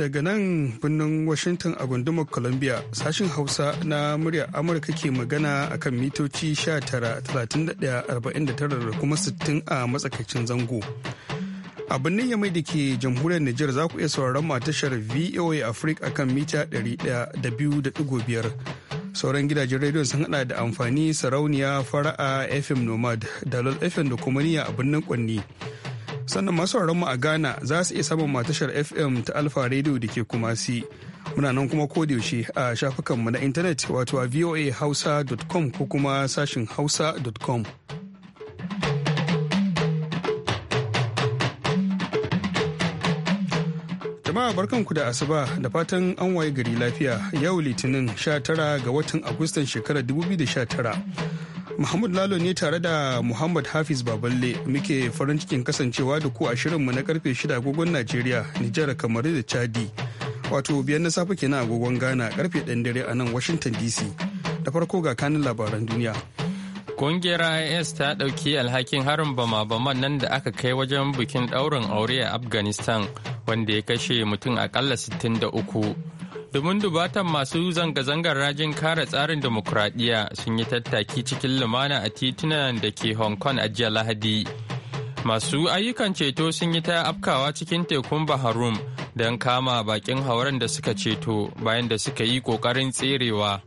daga nan birnin washington a gundumar columbia sashin hausa na murya amurka ke magana akan mitoci 19,31,49 da kuma 60 a matsakaicin zango a birnin yamai da ke jamhuriyar niger za ku iya sauraron tashar voa africa akan mita da 100.5 sauran gidajen rediyon sun hada da amfani sarauniya fara'a fm nomad dalol fm da kuma niyya a birnin kwanni sannan masu mu a ghana za su iya samun matashar fm ta alfa radio da ke kumasi muna nan kuma yaushe a shafukanmu na intanet wato a voahausa.com ko kuma sashin hausa.com jama'a barkanku da asuba da fatan an waye gari lafiya yau litinin 19 ga watan agustan shekarar 2019 Mahmud Lalo ne tare da Muhammad Hafiz Baballe muke farin cikin kasancewa da ku a shirinmu na karfe 6 agogon Najeriya, Nijar, kamar da Chadi. Wato biyan na safe kenan agogon Ghana karfe 1 dare a nan Washington DC. Da farko ga kanin labaran duniya. Kungiyar IS ta ɗauki alhakin harin bama bama nan da aka kai wajen bikin ɗaurin aure a Afghanistan wanda ya kashe mutum akalla 63. domin dubatan masu zanga-zangar rajin kare tsarin demokuraɗiyya sun yi tattaki cikin lumana a titunan da ke hong kong a jiya lahadi masu ayyukan ceto sun yi ta afkawa cikin tekun baharum don kama bakin hauren da suka ceto bayan da suka yi ƙoƙarin tserewa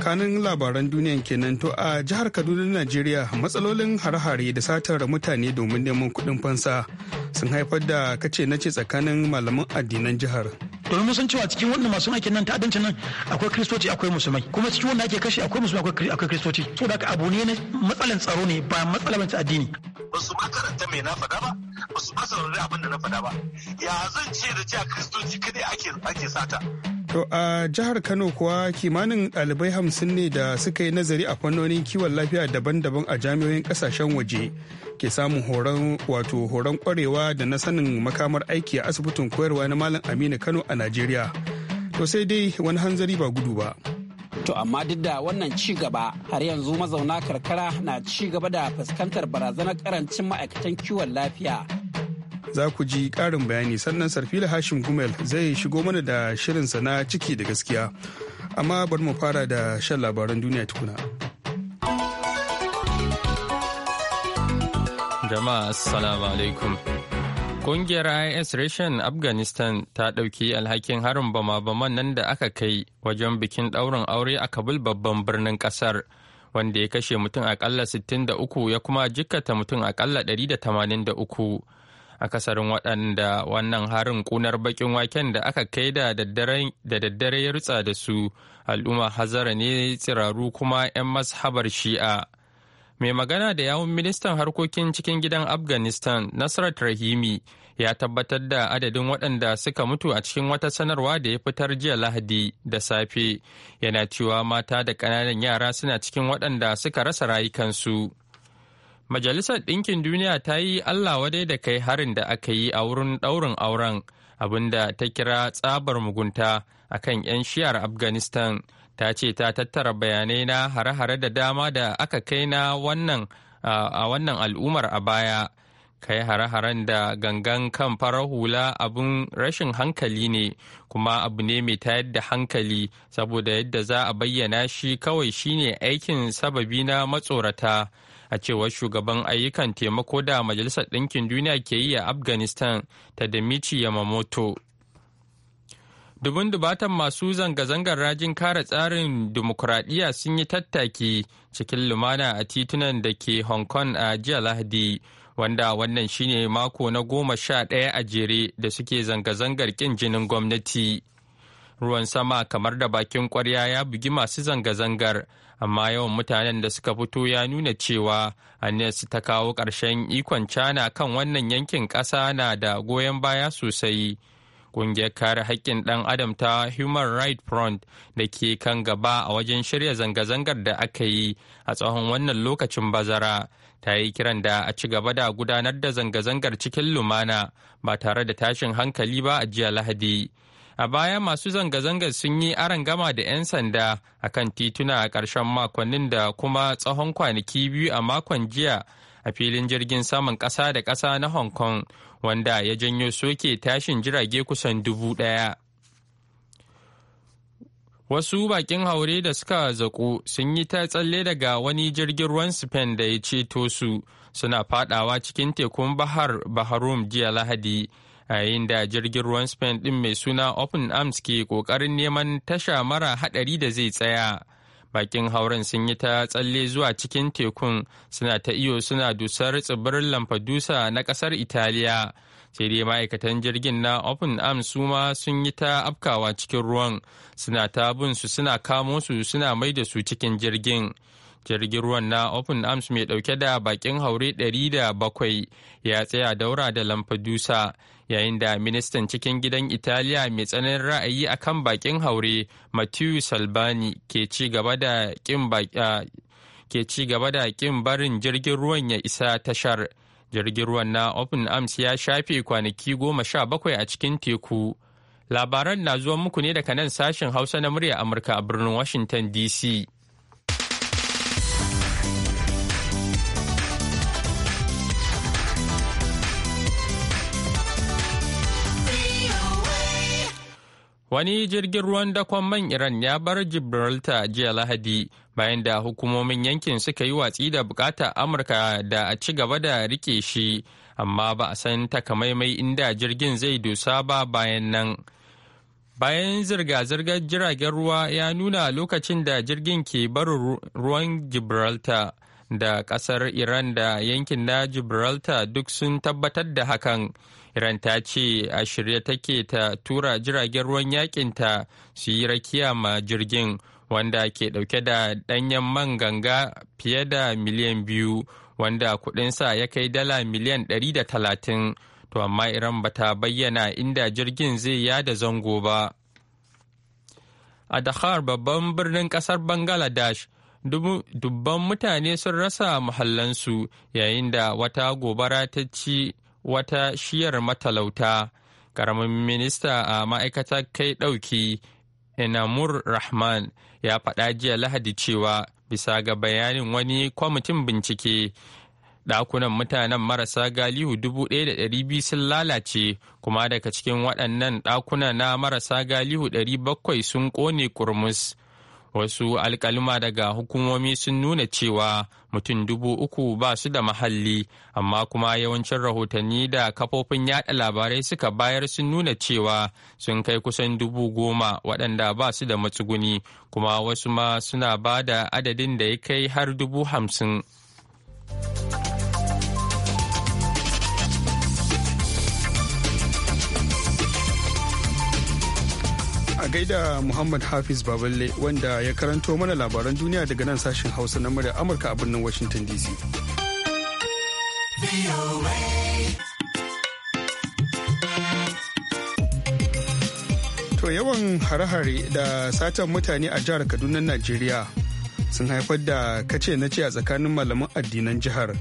kanin labaran duniyan kenan to a jihar kaduna najeriya matsalolin hare-hare da satar mutane domin neman kudin fansa sun haifar da kace na ce tsakanin malaman addinan jihar domin mun san cewa cikin wannan masu aikin nan ta'addancin nan akwai kristoci akwai musulmai kuma cikin wanda ake kashe akwai musulmai akwai kristoci to da abu ne na matsalan tsaro ne ba matsalan addini ba su karanta mai na faɗa ba ba su ba saurari abin da na faɗa ba ya zan ce da cewa kristoci kadai ake ake sata To a jihar Kano kuwa kimanin ɗalibai hamsin ne da suka yi nazari a fannonin kiwon lafiya daban-daban a jami'o'in ƙasashen waje ke samun horon wato horon ƙwarewa da na sanin makamar aiki a asibitin koyarwa na Malam Aminu Kano a Najeriya. To sai dai wani hanzari ba gudu ba. To amma duk da wannan ci gaba har yanzu mazauna karkara na ci gaba da fuskantar barazanar karancin ma'aikatan kiwon lafiya za ku ji ƙarin bayani sannan sarfila hashim gumel zai shigo mana da shirinsa na ciki da gaskiya amma bari mu fara da shan labaran duniya tukuna jama'a assalamu alaikum Kungiyar IS Reshen Afghanistan ta ɗauki alhakin harin bama-baman nan da aka kai wajen bikin ɗaurin aure a Kabul babban birnin ƙasar, wanda ya kashe mutum aƙalla 63 ya kuma jikkata mutum aƙalla 183. akasarin waɗanda wannan harin ƙunar baƙin waken da aka kai da daddare ya rutsa da su al'umma hazara ne tsiraru kuma 'yan mashabar shi'a mai magana da yawun ministan harkokin cikin gidan afghanistan nasrat rahimi ya tabbatar da adadin waɗanda suka mutu a cikin wata sanarwa da ya fitar jiya lahadi da safe yana cewa mata da ƙananan yara suna cikin waɗanda suka rasa rayukansu. Majalisar Ɗinkin Duniya ta yi Allah wadai da kai harin da aka yi a wurin ɗaurin auren abinda ta kira tsabar mugunta a kan 'yan shiyar Afghanistan. Ta ce ta tattara bayanai na hare-hare da dama da aka kai na wannan a wannan al'ummar a baya. Kai hare-haren da gangan kan farar hula abin rashin hankali ne kuma abu ne mai tayar da hankali saboda yadda za a bayyana shi kawai shine aikin sababi na matsorata. a cewar shugaban ayyukan taimako da majalisar ɗinkin duniya ke yi a afghanistan ta damichi yamamoto dubun dubatan masu zanga-zangar rajin kare tsarin dimokuraɗiyya sun yi tattaki cikin lumana a titunan da ke hong kong a jiya lahadi wanda wannan shine mako na goma sha ɗaya a jere da suke zanga-zangar ƙin jinin gwamnati ruwan sama kamar da bakin kwarya ya bugi masu zanga-zangar amma yawan mutanen da suka fito ya nuna cewa su ta kawo ƙarshen ikon cana kan wannan yankin ƙasa na da goyon baya sosai ƙungiyar kare haƙƙin ɗan adam ta human rights front da ke kan gaba a wajen shirya zanga-zangar da aka yi a tsawon wannan lokacin bazara ta yi kiran da a ci gaba da gudanar da zanga-zangar cikin lumana ba tare da tashin hankali ba a jiya lahadi A baya masu zanga-zangar sun yi gama da 'yan sanda a kan tituna a ƙarshen makonnin da kuma tsawon kwanaki biyu a makon jiya a filin jirgin saman ƙasa da ƙasa na Hong Kong wanda ya janyo soke tashin jirage kusan dubu ɗaya. Wasu bakin haure da suka zaƙo sun yi ta tsalle daga wani jirgin ruwan Spain da ya ceto su suna fadawa cikin tekun Bahar Baharum jiya Lahadi. a yayin da jirgin ruwan spain ɗin mai suna open arms ke kokarin neman tasha mara haɗari da zai tsaya bakin hauren sun yi ta tsalle zuwa cikin tekun suna ta iyo suna dusar tsibirin lamfadusa na kasar italiya sai dai ma'aikatan jirgin na open arms su ma sun yi ta afkawa cikin ruwan suna ta bin su suna kamo su suna mai da su cikin jirgin jirgin ruwan na open arms mai dauke da bakin haure 700 ya tsaya daura da lamfadusa yayin da ministan cikin gidan italiya mai tsananin ra'ayi akan bakin haure matthew salbani ke ci gaba da kin ke ci gaba da kin barin jirgin ruwan ya isa tashar jirgin ruwan na open arms ya shafe kwanaki goma sha bakwai a cikin teku labaran na zuwa muku ne daga nan sashen hausa na murya amurka a birnin washington dc Wani jirgin ruwan dakon man Iran ya bar Gibraltar jiya Lahadi bayan da hukumomin yankin suka yi watsi da bukatar Amurka da a ci gaba da rike shi, amma ba a san takamaimai inda jirgin zai dusa ba bayan nan. Bayan zirga-zirgar jiragen ruwa ya nuna lokacin da jirgin ke barin ruwan Gibraltar da kasar Iran da yankin na Gibraltar duk sun tabbatar da hakan. Iran ta ce a shirye take ta tura jiragen ruwan ta su yi rakiya ma jirgin wanda ke dauke da danyen man ganga fiye da miliyan biyu wanda kudinsa ya kai dala miliyan 130 to amma Iran bata bayyana inda jirgin zai yada zango ba. A dakar babban birnin kasar Bangladesh dubban mutane sun rasa muhallansu yayin da wata gobara ta ci wata shiyar matalauta karamin minista a ma'aikatar kai ɗauki inamur rahman ya faɗa jiya lahadi cewa bisa ga bayanin wani kwamitin bincike ɗakunan mutanen marasa galihu 1,200 sun lalace kuma daga cikin waɗannan ɗakuna na marasa galihu 700 sun ƙone kurmus. wasu alkaluma daga hukumomi sun nuna cewa mutum dubu uku ba su da mahalli amma kuma yawancin rahotanni da kafofin yada labarai suka bayar sun nuna cewa sun kai kusan dubu goma waɗanda ba su da matsuguni kuma wasu ma suna ba da adadin da ya kai har dubu hamsin. gai gaida Muhammad Hafiz Baballe wanda ya karanto mana labaran duniya daga nan sashen Hausa na murya Amurka a birnin Washington DC. To yawan hare-hare da satan mutane a jihar Kaduna Najeriya sun haifar da kace na ce a tsakanin malaman addinan jihar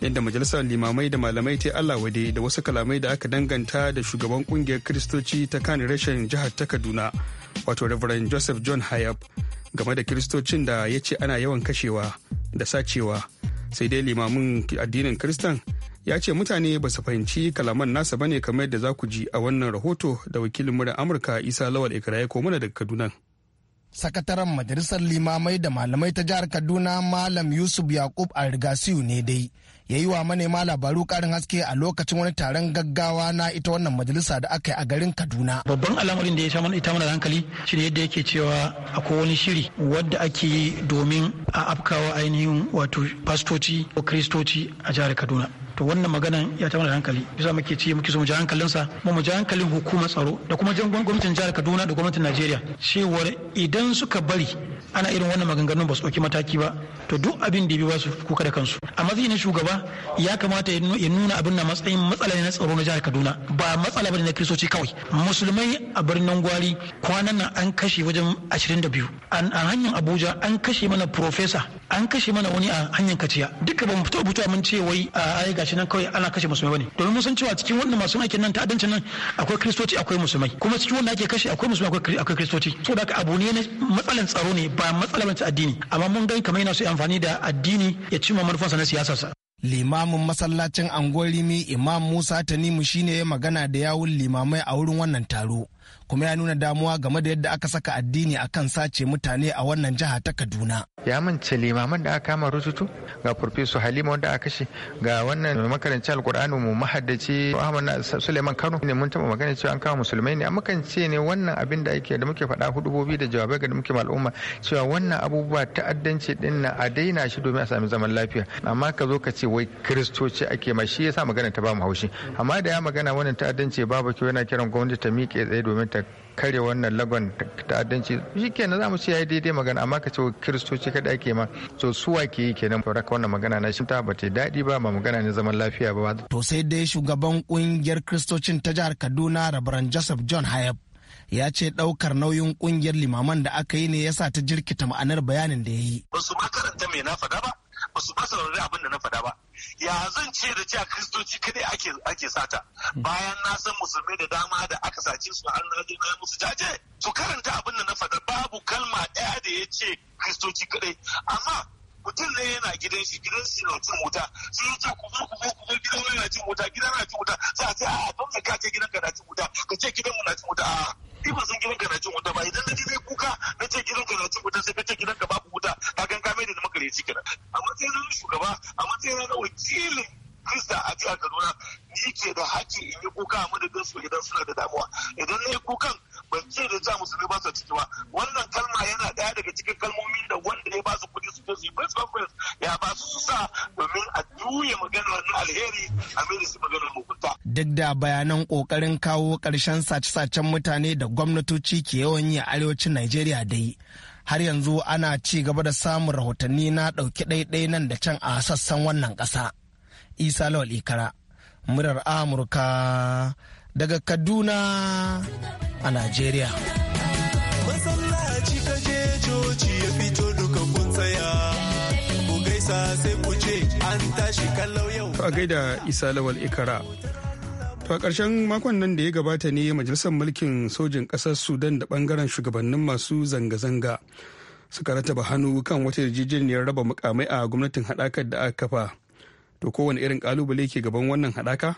inda majalisar limamai da malamai ta Allah wade da wasu kalamai da aka danganta da shugaban kungiyar kiristoci ta kan rashin jihar ta Kaduna wato Reverend Joseph John Hayab game da kiristocin da ya ce ana yawan kashewa da sacewa sai dai limamin addinin kiristan ya ce mutane ba su fahimci kalaman nasa ne kamar yadda za ku ji a wannan rahoto da wakilin murar Amurka Isa Lawal Ikra ya mana daga Kaduna. sakataren majalisar limamai da malamai ta jihar kaduna malam yusuf yakub algasiu ne dai ya yi wa manema labaru karin haske a lokacin wani taron gaggawa na ita wannan majalisa da aka yi a garin kaduna babban al'amarin da ya sha ita mana hankali shine yadda yake cewa akwai wani shiri wadda ake yi domin a afkawa ainihin wato fastoci ko kristoci a jihar kaduna to wannan maganan ya ta mana hankali bisa muke ci muke so mu ji hankalinsa mu mu ji hankalin hukumar tsaro da kuma jan gwamnatin jihar kaduna da gwamnatin najeriya cewar idan suka bari ana irin wannan maganganun ba su ɗauki mataki ba to duk abin da ya bi ba su kuka da kansu a matsayin na shugaba ya kamata ya nuna abin na matsayin matsala ne na tsaro na jihar kaduna ba matsala ba ne na kiristoci kawai musulmai a birnin gwari kwanan nan an kashe wajen 22 a hanyar abuja an kashe mana profesa an kashe mana wani a hanyar kaciya duka ba mu fito butuwa mun ce wai a ai gashi nan kawai ana kashe musulmai bane domin mun san cewa cikin wannan masu aikin nan ta'addancin nan akwai kiristoci akwai musulmai kuma cikin wannan ake kashe akwai musulmai akwai kiristoci da haka abu ne na matsalan tsaro ne ba ba matsala addini amma mun gani kamar yana so amfani da addini ya cimma manufansa na siyasarsa limamin masallacin rimi imam musa tanimu shine ya magana da yawun limamai a wurin wannan taro kuma ya nuna damuwa game da yadda aka saka addini a kan sace mutane a wannan jiha ta kaduna ya mance limaman da aka kama rututu ga farfesu halima wanda aka kashe ga wannan makarancin alkur'ani mu mahaddaci ahmad suleiman kano ne mun taba magana cewa an kama musulmai ne amma kan ce ne wannan abin da ake da muke faɗa hudubobi da jawabai ga da muke al'umma cewa wannan abubuwa ta'addanci din na a daina shi domin a sami zaman lafiya amma ka zo ka ce wai kiristoci ake ma shi yasa magana ta ba mu haushi amma da ya magana wannan ta'addanci babu kyau yana kiran gwamnati ta miƙe tsaye domin ta kare wannan lagon ta'addanci shi kenan za mu ce daidai magana amma ka ce kiristoci kada ake ma so su ke yi kenan ba raka wannan magana na shinta ba ta daɗi ba ma magana ne zaman lafiya ba. to sai dai shugaban kungiyar kiristocin ta jihar kaduna rabaran joseph john hayab ya ce ɗaukar nauyin kungiyar limaman da aka yi ne yasa ta jirkita ma'anar bayanin da ya yi. ba su ma karanta me na faɗa ba ba su fasa su abin da na faɗa ba ya zan ce da cewa kristoci kadai ake ake sata bayan na san musulmi da dama da aka sace su har na na musu jaje su karanta abin da na faɗa babu kalma ɗaya da ya ce kristoci kadai amma mutum ne yana gidan shi gidan shi na cin wuta Sun yi ce ku zo ku zo ku zo gidan wani na cin wuta gidan na cin wuta sai a ce a don ka ce gidan ka na cin wuta ka ce gidan mu na cin wuta a ni ba san gidan ka na cin wuta ba idan na ji zai kuka na ce gidan ka na cin wuta sai ka ce da bayanan kokarin kawo ƙarshen sace-sacen mutane da gwamnatoci ke yawan yi a arewacin Najeriya dai. Har yanzu ana ci gaba da samun rahotanni na ɗauki ɗaiɗai nan da can a sassan wannan ƙasa. Isa Lawal Ikara, murar Amurka daga Kaduna a Najeriya. Masallaci kaje tashi yau. a gaida isa lawal ikara To a ƙarshen makon nan da ya gabata ne majalisar mulkin sojin ƙasar Sudan da Bangaren shugabannin masu zanga-zanga suka rataba hannu kan wata yarjejeniyar raba mukamai a gwamnatin haɗakar da aka kafa. To kowane irin ƙalubale ke gaban wannan haɗaka?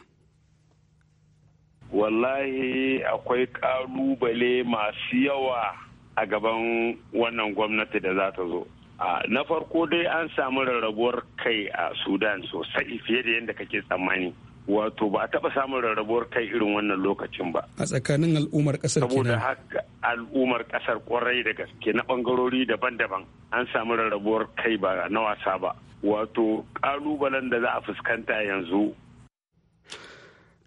Wallahi akwai ƙalubale masu yawa a gaban wannan gwamnati da za ta zo. Na farko dai an samu rarrabuwar kai a Sudan sosai fiye da yadda kake tsammani. wato ba a taɓa samun rarrabuwar kai irin wannan lokacin ba a tsakanin al'ummar ƙasar saboda haka al'ummar kasar kwarai da gaske na bangarori daban-daban an samu rarrabuwar kai ba na wasa ba wato ƙalubalen da za a fuskanta yanzu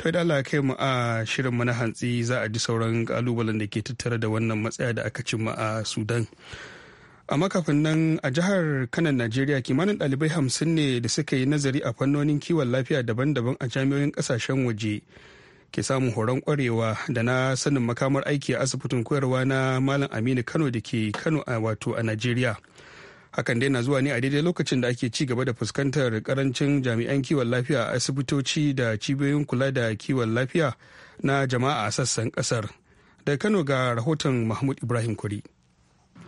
to da Allah kai mu a shirin mu na hantsi za a ji sauran kalubalen da ke tattare da wannan matsaya da aka cimma a Sudan a makafin nan a jihar kanan najeriya kimanin dalibai hamsin ne da suka yi nazari a fannonin kiwon lafiya daban-daban a jami'o'in kasashen waje ke samun horon kwarewa da na sanin makamar aiki a asibitin koyarwa na malam aminu kano da ke kano a wato a najeriya hakan dai na zuwa ne a daidai lokacin da ake ci gaba da fuskantar karancin jami'an kiwon lafiya a asibitoci da cibiyoyin kula da kiwon lafiya na jama'a a sassan kasar da kano ga rahoton mahmud ibrahim kuri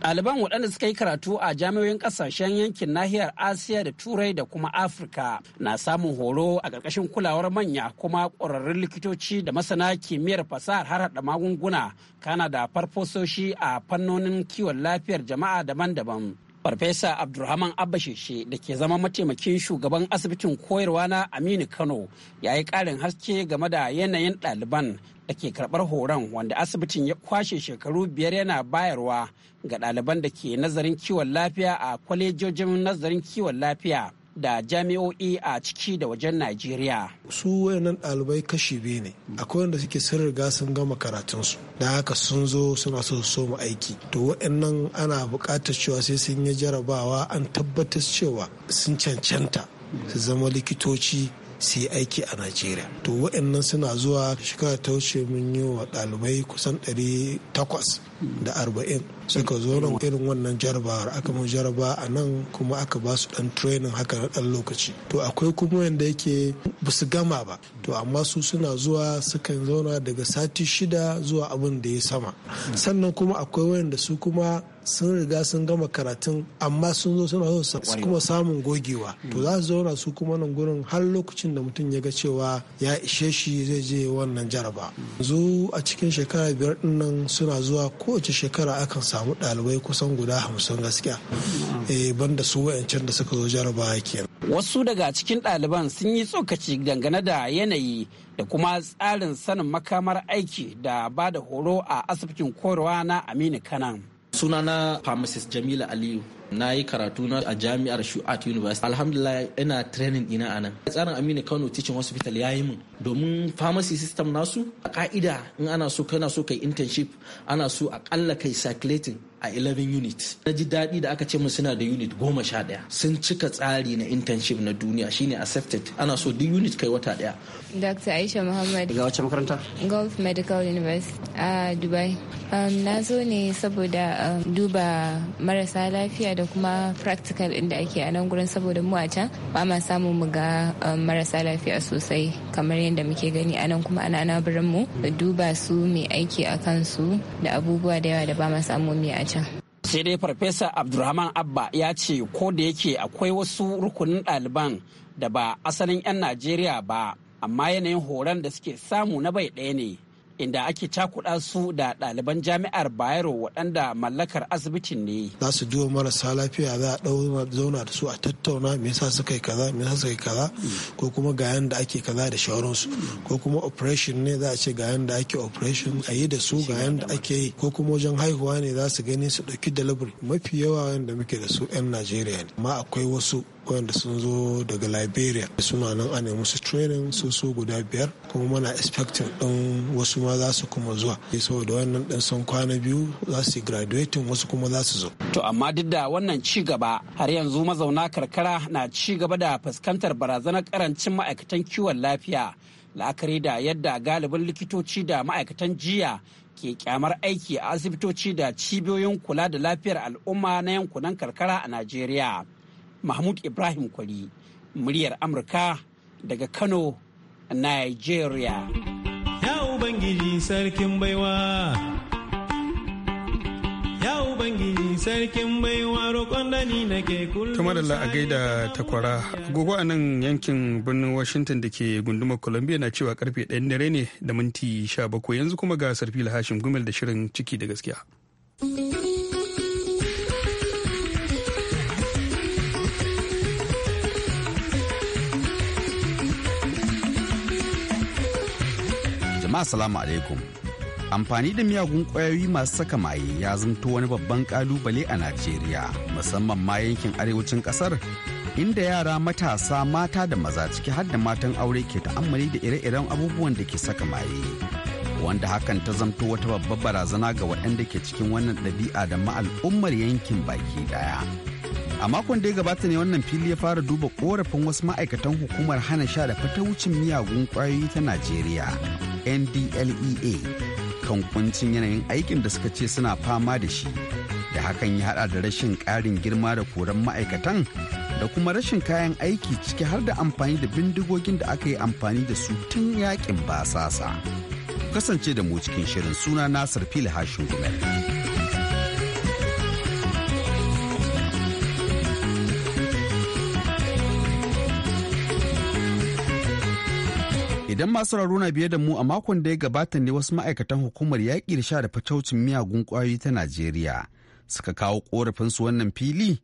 ɗaliban waɗanda suka yi karatu a jami'oyin ƙasashen yankin nahiyar asiya da turai da kuma afirka na samun horo a ƙarƙashin kulawar manya kuma ƙwararrun likitoci da masana kimiyyar fasahar harhaɗa magunguna kana da farfososhi a fannonin kiwon lafiyar jama'a daban-daban Farfesa Abdulrahman Abbasheshe da ke zama mataimakin shugaban asibitin koyarwa na Aminu Kano ya yi ƙarin haske game da yanayin ɗaliban da ke karɓar horon wanda asibitin ya kwashe shekaru biyar yana bayarwa ga ɗaliban da ke nazarin kiwon lafiya a kwalejojin nazarin kiwon lafiya da jami'o'i a ciki da wajen Najeriya. Su wayannan ɗalibai kashi biyu ne, akwai wanda suke sun riga sun gama karatunsu, da haka sun zo suna so su soma aiki. To wayannan ana buƙatar cewa sai sun yi jarabawa an tabbatar cewa sun cancanta su zama likitoci su yi aiki a najeriya to waɗannan suna zuwa shekara ta wuce mun yi wa ɗalibai kusan 800 da arba'in suka zo nan irin wannan jarabawar aka mu jaraba a nan kuma aka ba su dan training haka na dan lokaci to akwai kuma wanda yake ba su gama ba to amma su suna zuwa sukan zauna daga sati shida zuwa abin da ya sama sannan kuma akwai wanda su kuma sun riga sun gama karatun amma sun zo suna su kuma samun gogewa to za su zauna su kuma nan gurin har lokacin da mutum ya ga cewa ya ishe shi zai je wannan jaraba yanzu a cikin shekara biyar ɗinnan suna zuwa kowace shekara akan samu dalibai kusan guda hamsin gaskiya eh, banda su wa'ancan da suka zo jarabawa kenan. Wasu daga cikin ɗaliban sun yi tsokaci dangane da yanayi da kuma tsarin sanin makamar aiki da ba da horo a asibitin korowa na Aminu Kanan. sunana pharmacist jamila aliyu na yi karatu na a jami'ar Shu'at University alhamdulillah ina training ina anan tsarin Aminu Kano Teaching Hospital ya yi min domin pharmacy system nasu a ka'ida in ana so kana so kai internship ana so akalla kai circulating a 11 unit na ji daɗi da aka ce mu suna da unit goma sha ɗaya sun cika tsari na internship na duniya shine accepted ana so duk unit kai wata ɗaya dr aisha muhammad ga wacce makaranta gulf medical university a dubai um, na zo ne saboda um, duba marasa lafiya da kuma practical inda ake a nan gurin saboda mu a can ba ma samu mu ga um, marasa lafiya sosai kamar yadda muke gani anan kuma ana ana birnin mu duba su mai aiki a kansu da abubuwa da yawa da ba masu amomi a can sai dai farfesa abdulrahman abba ya ce ko da yake akwai wasu rukunin ɗaliban da ba asalin 'yan najeriya ba amma yanayin horon da suke samu na bai ɗaya ne inda ake cakuɗa su da ɗaliban jami'ar bayero waɗanda mallakar asibitin ne za su duba marasa lafiya za a ɗau zauna da su a tattauna me yasa suka yi kaza me yasa suka yi kaza ko kuma ga yanda ake kaza da shauransu ko kuma operation ne za a ce ga yanda ake operation a yi da su ga yanda ake yi ko kuma wajen haihuwa ne za su gani su ɗauki delivery mafi yawa yanda muke da su 'yan najeriya ne amma akwai wasu wanda sun zo daga liberia suna nan ana musu training su so guda biyar kuma muna expecting din wasu ma za su kuma zuwa eh, saboda wannan ɗin sun kwana biyu za su graduating wasu kuma za su zo to amma duk da wannan ci gaba har yanzu mazauna karkara na ci gaba da fuskantar barazanar karancin ma'aikatan kiwon lafiya la'akari da yadda galibin likitoci da ma'aikatan jiya ke kyamar aiki a asibitoci da cibiyoyin kula da lafiyar al'umma na yankunan karkara a najeriya mahmud ibrahim Kwali, muryar amurka daga kano nigeria ya ubangiji sarkin baiwa ya ubangiji sarkin baiwa roƙon da ni nake kullum kuma da a gaida takwara agogo a nan yankin birnin washington da ke gundumar columbia na cewa karfe 1 dare ne da minti sha 17 yanzu kuma ga sarfi hashim gumel da shirin ciki da gaskiya amma salamu alaikum amfani da miyagun ƙwayoyi masu saka maye ya zanto wani babban kalubale a najeriya musamman ma yankin arewacin ƙasar inda yara matasa mata da maza ciki har da matan aure ke ta'ammali da ire-iren abubuwan da ke saka maye wanda hakan ta zamto wata babbar barazana ga waɗanda ke cikin wannan ɗabi'a da ma yankin baki ɗaya. a makon da ya gabata ne wannan fili ya fara duba korafin wasu ma'aikatan hukumar hana sha da fata wucin miyagun kwayoyi ta najeriya ndlea kan kuncin yanayin aikin da suka ce suna fama da shi da hakan ya hada da rashin karin girma da koran ma'aikatan da kuma rashin kayan aiki ciki har da amfani da bindigogin da aka yi amfani da su tun yakin basasa kasance da mu cikin shirin suna nasir fili hashin gumel. Idan masu raruna na biye da mu a makon da ya gabata ne wasu ma'aikatan hukumar yaƙi da sha da fataucin miyagun ƙwayoyi ta Najeriya suka kawo ƙorafinsu wannan fili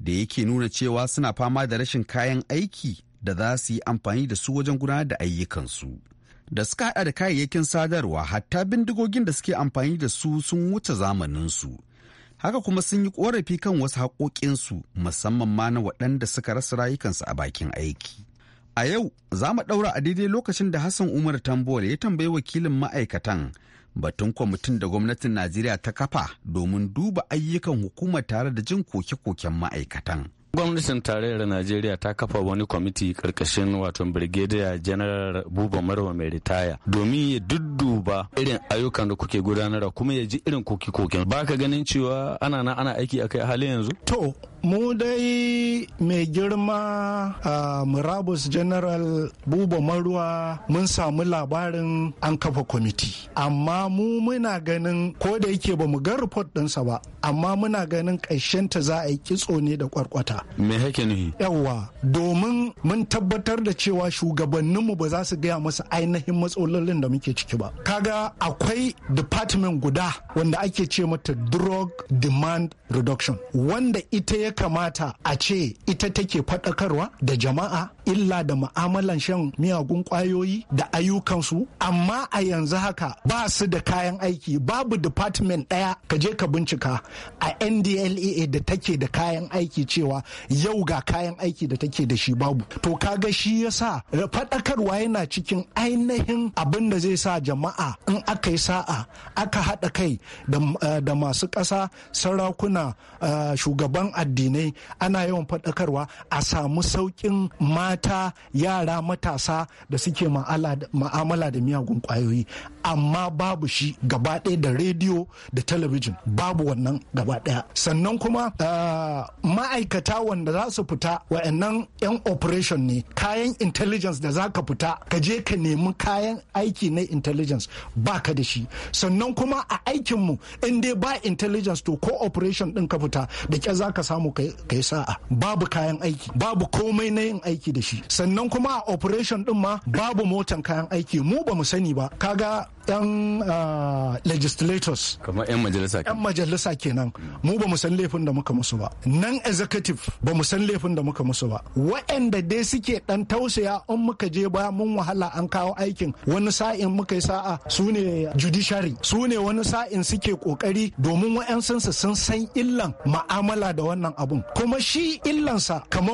da yake nuna cewa suna fama da rashin kayan aiki da za su yi amfani da su wajen gudanar da ayyukansu. Da suka haɗa da kayayyakin sadarwa hatta bindigogin da suke amfani da su sun wuce zamaninsu. Haka kuma sun yi ƙorafi kan wasu haƙoƙinsu musamman ma na waɗanda suka rasa rayukansu a bakin aiki. A yau za mu ɗaura a daidai lokacin da Hassan Umar Tambola ya tambayi wakilin ma'aikatan batun kwamitin da gwamnatin Najeriya ta kafa domin duba ayyukan hukumar tare da jin koke-koken ma'aikatan. gwamnatin tarayyar najeriya ta kafa wani kwamiti karkashin wato Birgediya, janar buba marwa mai ritaya domin ya dudduba irin ayyukan da kuke gudanarwa kuma ya ji irin koki kokin ba ka ganin cewa ana na ana aiki akai hali yanzu to mu dai mai girma a murabus general buba marwa mun samu labarin an kafa kwamiti amma mu muna ganin ko da yake ba mu ga report ɗinsa ba amma muna ganin ta za a yi kitso ne da kwarkwata me hake nuhi yawwa domin mun tabbatar da cewa shugabannin mu ba za su gaya masa ainihin matsalolin da muke ciki ba kaga akwai department guda wanda ake ce mata drug demand reduction wanda ita ya kamata a ce ita take faɗakarwa da jama'a illa da ma'amalan shan miyagun kwayoyi da ayyukansu amma a yanzu haka ba su da kayan aiki babu department ɗaya ka je ka bincika a ndlea da take da kayan aiki cewa yau ga kayan aiki da take da shi babu to kaga shi yasa faɗakarwa yana cikin ainihin abin da zai sa jama'a in aka yi sa'a aka haɗa kai da eh, masu ƙasa sarakuna eh, shugaban addinai ana yawan faɗakarwa a samu sauƙin ma mata yara matasa da suke ma'amala da miyagun kwayoyi amma babu shi gaba ɗaya da rediyo da talabijin babu wannan gaba ɗaya sannan kuma ah, ma'aikata wanda za su fita wa'annan 'yan operation ne kayan intelligence da za ka fita ka je ka nemi kayan aiki na intelligence ba ka da shi sannan kuma a aikinmu in dai ba intelligence to ko operation ɗin ka fita da ke za ka samu ka yi sa'a babu kayan aiki babu komai na yin aiki da shi sannan kuma a operation din ma babu motan kayan aiki mu ba mu sani ba kaga 'yan ah, legislators kamar 'yan majalisa yan majalisa kenan mu ba mu san laifin da muka musu ba nan executive ba mu san laifin da muka musu ba waɗanda dai suke ɗan tausaya in muka je ba mun wahala an kawo aikin wani sa'in muka yi sa'a su ne judiciary su ne wani sa'in suke kokari domin wa'yansansu sun san illan ma'amala da wannan abun kuma shi illansa kamar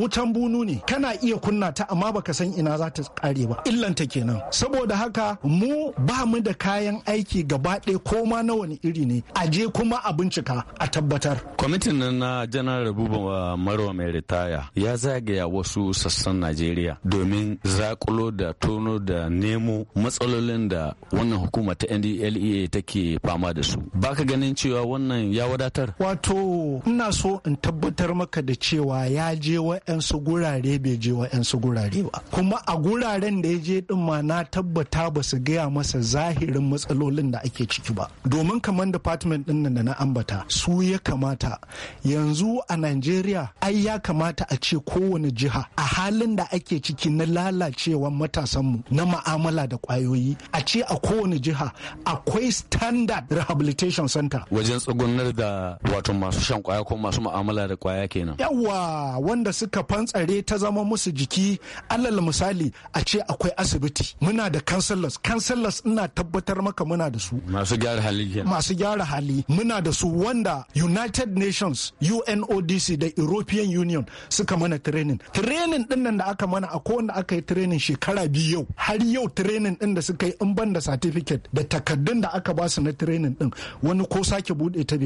wutan bunu ne kana iya kunna ta amma baka san ina za ta kare ba illanta kenan saboda haka mu ba mu da kayan aiki gaba ɗaya ko ma na wani iri ne a je kuma a bincika a tabbatar. kwamitin na janar buba uh, marwa mai ritaya ya zagaya wasu sassan najeriya domin zakulo da tono da nemo matsalolin da wannan hukuma ta ndlea take fama da su baka ganin cewa wannan ya wadatar wato ina so in tabbatar maka da cewa ya je wa'yansu gurare bai je wa'yansu gurare ba kuma a guraren da ya je din ma na tabbata ba su gaya masa bisa zahirin matsalolin da ake ciki ba domin kamar department din nan da na ambata su ya kamata yanzu a Najeriya ai ya kamata a ce kowane jiha a halin da ake ciki na lalacewan matasanmu na ma'amala da kwayoyi a ce a kowane jiha akwai standard rehabilitation center wajen tsugunar da wato masu shan kwaya ko masu ma'amala da kwaya kenan yawa wanda suka fantsare ta zama musu jiki alal misali a ce akwai asibiti muna da councillors councillors ina tabbatar maka muna da su masu gyara hali masu gyara hali muna da su wanda United Nations UNODC da European Union suka mana training training din nan da aka mana akwai wanda aka yi training shekara biyu yau har yau training din da suka yi in ban da certificate da takardun da aka ba su na training din wani ko sake bude ta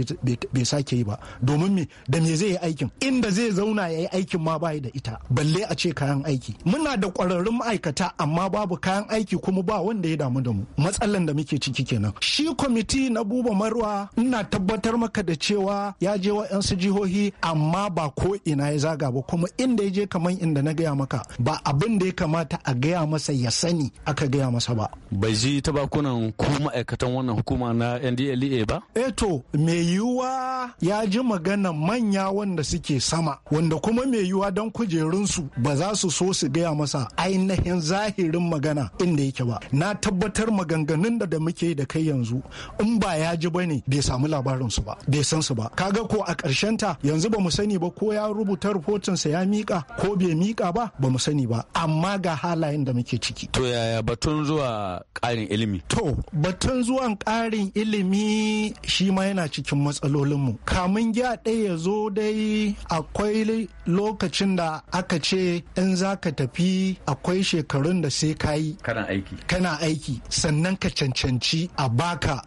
bai sake yi ba domin me da me zai yi aikin inda zai zauna yayi aikin ma bai da ita balle a ce kayan aiki muna da kwararrun ma'aikata amma babu kayan aiki kuma ba wanda ya damu da mu matsalan da muke ciki kenan shi kwamiti na buba marwa ina tabbatar maka da cewa ya je wa 'yan jihohi amma ba ko ina ya zaga ba kuma inda ya je kamar inda na gaya maka ba abin da ya kamata a gaya masa ya sani aka gaya masa ba bai ji ta bakunan ku ma'aikatan wannan hukuma na ndlea ba eh to mai yiwuwa ya ji magana manya wanda suke sama wanda kuma mai yiwuwa don kujerunsu ba za su so su gaya masa ainihin zahirin magana inda yake ba na tabbatar maganganun da da muke da kai yanzu in ba ya ji ba ne bai samu labarin su ba bai san su ba kaga ko a ƙarshen ta yanzu ba mu sani ba ko ya rubuta rahoton sa ya mika ko bai mika ba ba mu sani ba amma ga halayen da muke ciki to yaya batun zuwa ƙarin ilimi to batun zuwan ƙarin ilimi shi ma yana cikin matsalolin mu kamun ya ɗaya ya zo dai akwai lokacin da aka ce in za ka tafi akwai shekarun da sai ka yi kana aiki kana aiki sannan ka cancanci a baka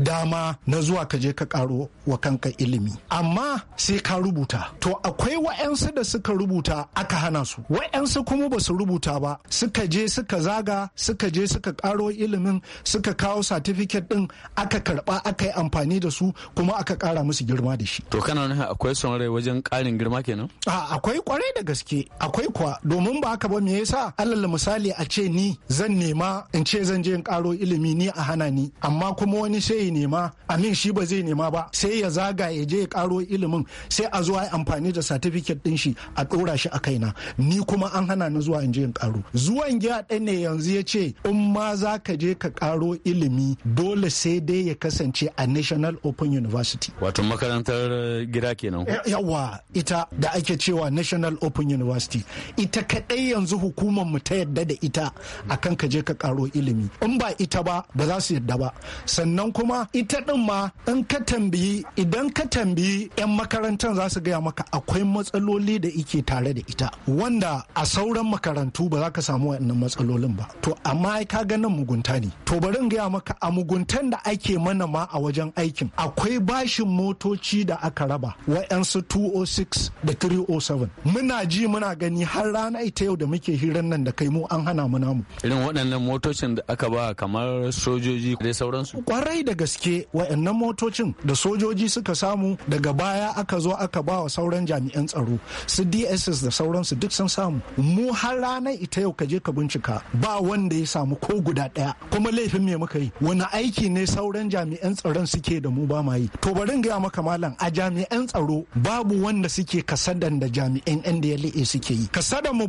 dama na zuwa ka je ka karo wa kanka ilimi amma sai ka rubuta to akwai wa'yansu da suka rubuta aka hana su wa'yansu kuma ba su rubuta ba suka je suka zaga suka je suka karo ilimin suka kawo satifiket din aka karba aka yi amfani da su kuma aka kara musu girma da shi to kana nuna akwai son rai wajen karin girma kenan a akwai kwarai da gaske akwai kuwa domin ba haka ba me yasa alal misali a ce ni zan nema in ce zan je in karo ilimi ni a hana ni amma kuma wani sai ya nema amin shi ba zai nema ba sai ya zaga ya je ya karo ilimin sai a zuwa amfani da certificate din shi a dora shi a kaina ni kuma an hana ni zuwa in je in karo zuwan giya ɗan ne yanzu ya ce in ma za ka je ka karo ilimi dole sai dai ya kasance a national open university wato makarantar gida kenan eh, yawa ita da ake cewa national open university ita kaɗai yanzu hukumar mu ta yadda da ita akan ka je ka karo ilimi ba ita ba ba za su yadda ba sannan kuma ita din ma in ka tambayi idan ka tambayi 'yan makarantar za su gaya maka akwai matsaloli da ike tare da ita wanda a sauran makarantu ba za ka samu waɗannan matsalolin ba to amma ka ga nan mugunta ne to bari in gaya maka a muguntan da ake mana ma a wajen aikin akwai bashin motoci da aka raba wa'yansu 206 da 307 muna ji muna gani har rana ita yau da muke hirar nan da kai mu an hana mu namu irin waɗannan motocin da aka ba kamar sojoji da sauransu kwarai da gaske wayannan motocin da sojoji suka samu daga baya aka zo aka ba wa sauran jami'an tsaro su dss da sauransu duk sun samu mu har ranar ita yau ka je ka bincika ba wanda ya samu ko guda ɗaya kuma laifin me muka yi wani aiki ne sauran jami'an tsaron suke da mu ba ma yi to bari gaya maka malam a jami'an tsaro babu wanda suke kasadan da jami'an ndla suke yi kasadan mu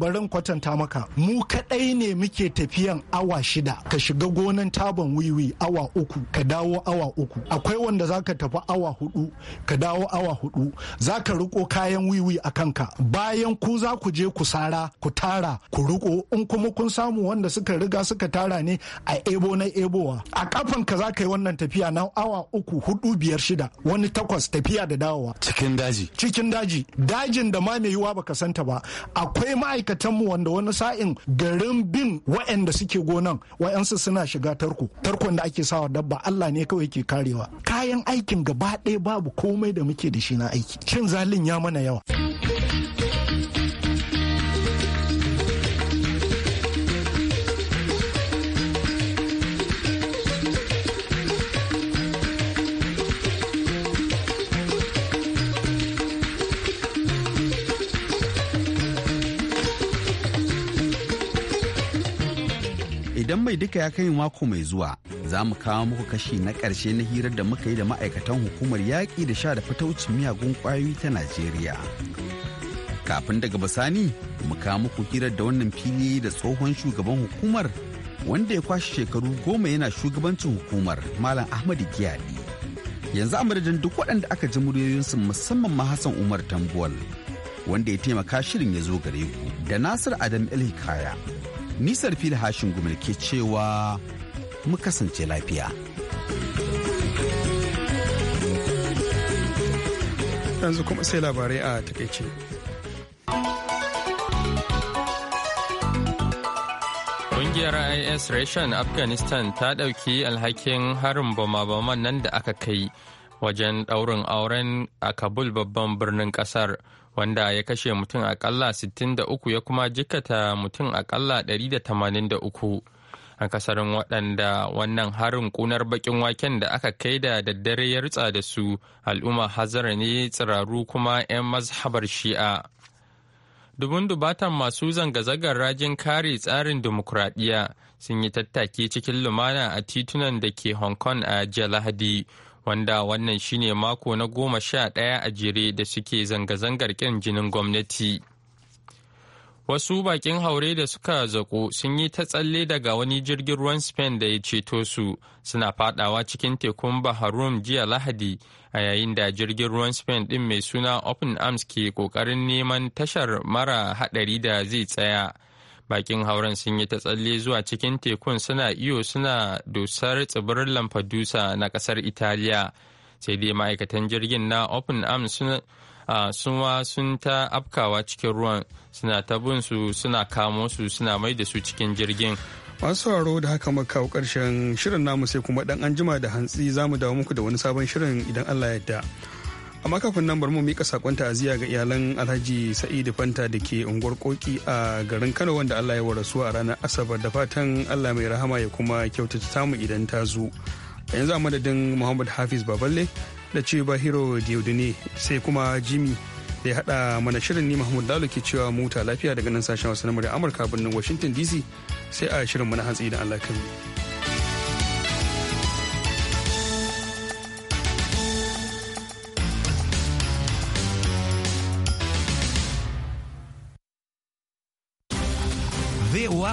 barin kwatanta maka mu kaɗai ne muke tafiyan awa shi. shida ka shiga gonan taban wiwi awa uku ka dawo awa uku akwai wanda zaka tafi awa hudu ka dawo awa hudu zaka riko kayan wiwi a kanka bayan ku za ku je ku sara ku tara ku riko in kuma kun samu wanda suka riga suka tara ne a ebo na ebowa a kafan ka za yi wannan tafiya na awa uku hudu biyar shida wani takwas tafiya da dawowa cikin daji cikin daji dajin da ma mai yiwa baka santa ba akwai ma'aikatanmu wanda wani sa'in garin bin waɗanda suke gonan wa'yansu suna shiga tarko tarkon da ake sawa dabba Allah ne kawai ke karewa kayan aikin gaba ɗaya babu komai da muke da shi na aiki cin zalin ya mana yawa idan mai duka ya kai mako mai zuwa za mu kawo muku kashi na ƙarshe na hirar da muka yi da ma'aikatan hukumar yaƙi da sha da fataucin miyagun ƙwayoyi ta najeriya kafin daga basani mu kawo muku hirar da wannan fili da tsohon shugaban hukumar wanda ya kwashe shekaru goma yana shugabancin hukumar malam ahmadu giyadi yanzu a duk waɗanda aka ji muryoyinsu musamman ma hassan umar tambuwal wanda ya taimaka shirin ya zo gare ku da nasir adam el hikaya nisar fili hashin gumil ke cewa mu kasance lafiya yanzu kuma sai labarai a takaice Ƙungiyar IS Reshen Afghanistan ta ɗauki alhakin harin bama-baman nan da aka kai wajen ɗaurin auren a Kabul babban birnin ƙasar wanda ya kashe mutum akalla 63 ya kuma jikata mutum akalla 183 kasarin waɗanda wannan harin ƙunar baƙin waken da aka kai da daddare ya rutsa da su al'umma hazara ne tsiraru kuma 'yan mazhabar shi'a dubun dubatan masu zanga-zangar rajin kare tsarin dimokuraɗiyya sun yi tattaki cikin lumana a titunan da ke hong kong a jiya lahadi wanda wannan shine mako na goma sha ɗaya a jere da suke zanga-zangar ƙin jinin gwamnati wasu bakin haure da suka zaƙo sun yi ta tsalle daga wani jirgin ruwan spain da ya ceto su suna fadawa cikin tekun baharum jiya lahadi a yayin da jirgin ruwan spain din mai suna open arms ke ƙoƙarin neman tashar mara haɗari da zai tsaya bakin hauren sun yi ta tsalle zuwa cikin tekun suna iyo suna dusar tsibirin lamfadusa na kasar italiya sai dai ma'aikatan jirgin na open arms sun wa sun ta afkawa cikin ruwan suna ta bin su suna kamo su suna mai da su cikin jirgin masu sauraro da haka muka kawo karshen shirin namu sai kuma dan anjima da hantsi za mu dawo muku da wani sabon shirin idan allah ya yarda amma kafin nan bari mu mika sakon ta'aziyya ga iyalan alhaji sa'idu fanta da ke unguwar koki a garin kano wanda allah ya warasu a ranar asabar da fatan allah mai rahama ya kuma kyautata tamu idan ta zo a yanzu a madadin muhammad hafiz baballe da ce bahiro diodune sai kuma jimmy da ya haɗa mana shirin ni mahmud lalu ke cewa muta lafiya daga nan sashen wasu na amurka birnin washington dc sai a shirin mana hantsi idan allah kan